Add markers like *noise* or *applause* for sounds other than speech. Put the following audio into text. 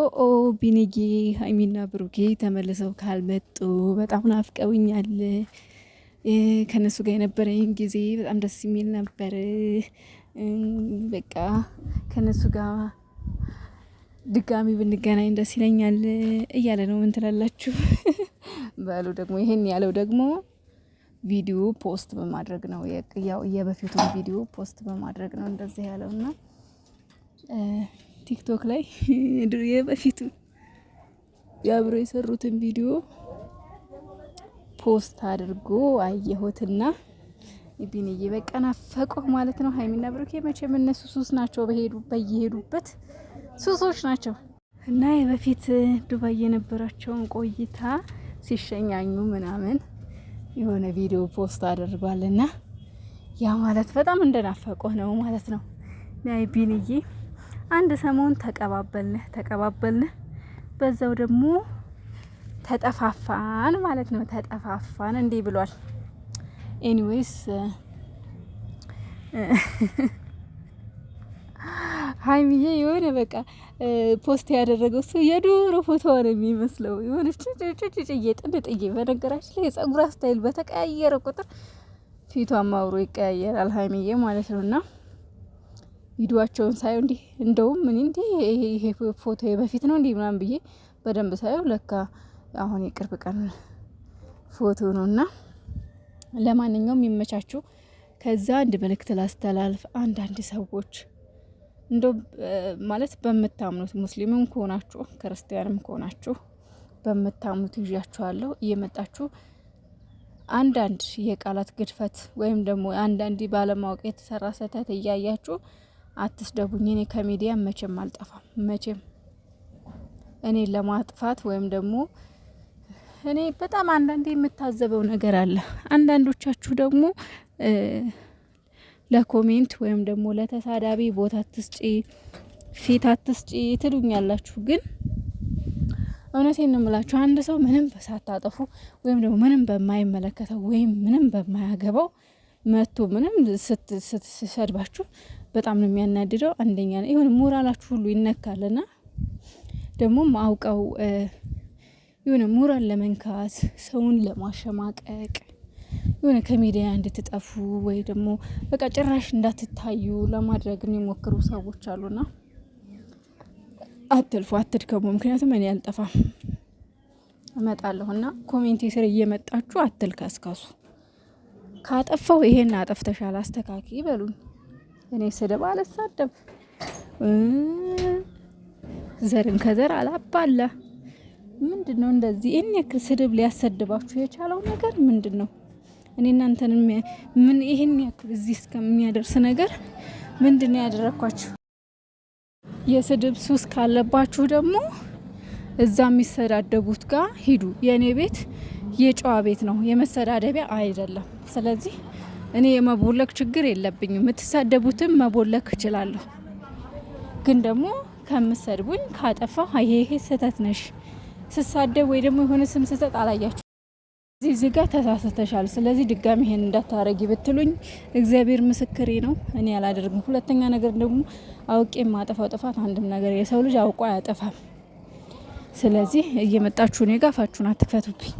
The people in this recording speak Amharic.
ኦኦ ቢኒጌ ሀይሚና ብሩኬ ተመልሰው ካልመጡ በጣም ናፍቀውኛል። ከነሱ ጋር የነበረኝ ጊዜ በጣም ደስ የሚል ነበር። በቃ ከነሱ ጋር ድጋሚ ብንገናኝ ደስ ይለኛል እያለ ነው። ምን ትላላችሁ? *laughs* በሉ ደግሞ ይሄን ያለው ደግሞ ቪዲዮ ፖስት በማድረግ ነው። ያው የበፊቱን ቪዲዮ ፖስት በማድረግ ነው እንደዚህ ያለውና ቲክቶክ ላይ ድሮ በፊቱ የአብሮ የሰሩትን ቪዲዮ ፖስት አድርጎ አየሁትና ቢንዬ በቃ ናፈቀው ማለት ነው። ሀይሚና ብሩኬ መቼም እነሱ ሱስ ናቸው፣ በሄዱ በየሄዱበት ሱሶች ናቸው እና የበፊት ዱባይ የነበራቸውን ቆይታ ሲሸኛኙ ምናምን የሆነ ቪዲዮ ፖስት አድርጓልና ያ ማለት በጣም እንደናፈቆህ ነው ማለት ነው። ናይ ቢንዬ አንድ ሰሞን ተቀባበልንህ ተቀባበልንህ፣ በዛው ደግሞ ተጠፋፋን ማለት ነው። ተጠፋፋን እንዴ ብሏል። ኤኒዌይስ *laughs* ሀይሚዬ የሆነ በቃ ፖስት ያደረገው ሰው የዱሮ ፎቶ ነው የሚመስለው። የሆነ ጭጭጭጭዬ ጥንጥዬ። በነገራችን ላይ የጸጉር ስታይል በተቀያየረ ቁጥር ፊቷ ማውሮ ይቀያየራል ሀይሚዬ ማለት ነውና ቪዲዮቸውን ሳየው እንዲህ እንደውም ምን እንዲህ ይሄ ፎቶ በፊት ነው እንዲህ ምናምን ብዬ በደንብ ሳየው ለካ አሁን የቅርብ ቀን ፎቶ ነው። እና ለማንኛውም የሚመቻችው ከዛ አንድ መልእክት ላስተላልፍ። አንዳንድ ሰዎች እንደው ማለት በምታምኑት ሙስሊምም ከሆናችሁ ክርስቲያንም ከሆናችሁ በምታምኑት ይዣችኋለሁ እየመጣችሁ አንዳንድ የቃላት ግድፈት ወይም ደግሞ አንዳንድ ባለማወቅ የተሰራ ስህተት እያያችሁ አትስደቡኝ። እኔ ከሚዲያ መቼም አልጠፋም። መቼም እኔ ለማጥፋት ወይም ደግሞ እኔ በጣም አንዳንዴ የምታዘበው ነገር አለ። አንዳንዶቻችሁ ደግሞ ለኮሜንት ወይም ደግሞ ለተሳዳቢ ቦታ አትስጪ፣ ፊት አትስጪ ትሉኛላችሁ። ግን እውነቴን ነው የምላችሁ፣ አንድ ሰው ምንም ሳታጠፉ ወይም ደግሞ ምንም በማይመለከተው ወይም ምንም በማያገባው መቶ ምንም ስትሰድባችሁ በጣም ነው የሚያናድደው። አንደኛ ይሁን ሞራላችሁ ሁሉ ይነካልና ደግሞም አውቀው የሆነ ሞራል ለመንካት ሰውን ለማሸማቀቅ የሆነ ከሚዲያ እንድትጠፉ ወይ ደግሞ በቃ ጭራሽ እንዳትታዩ ለማድረግ የሚሞክሩ ሰዎች አሉና አትልፎ አትድከሙ። ምክንያቱም እኔ አልጠፋም እመጣለሁ እና ኮሜንቴ ስር እየመጣችሁ አትልከስከሱ። ካጠፋው ይሄን አጠፍተሻል አስተካኪ በሉኝ። እኔ ስድብ አልሳደብ፣ ዘርን ከዘር አላባለ ምንድን ነው እንደዚህ ይህን ያክል ስድብ ሊያሰድባችሁ የቻለው ነገር ምንድን ነው? እኔ እናንተን ምን ይህን ያክል እዚህ እስከሚያደርስ ነገር ምንድን ነው ያደረግኳችሁ? የስድብ ሱስ ካለባችሁ ደግሞ እዛ የሚሰዳደቡት ጋር ሂዱ። የእኔ ቤት የጨዋ ቤት ነው፣ የመሰዳደቢያ አይደለም። ስለዚህ እኔ የመቦለክ ችግር የለብኝም። የምትሳደቡትም መቦለክ እችላለሁ። ግን ደግሞ ከምሰድቡኝ ካጠፋ ይሄ ይሄ ስህተት ነሽ ስሳደብ ወይ ደግሞ የሆነ ስም ስሰጥ አላያችሁ እዚህ እዚህ ጋር ተሳስተሻል፣ ስለዚህ ድጋሚ ይሄን እንዳታረጊ ብትሉኝ እግዚአብሔር ምስክሬ ነው፣ እኔ አላደርግም። ሁለተኛ ነገር ደግሞ አውቄ የማጠፋው ጥፋት አንድም ነገር የሰው ልጅ አውቆ አያጠፋም። ስለዚህ እየመጣችሁ እኔ ጋር አፋችሁን አትክፈቱብኝ።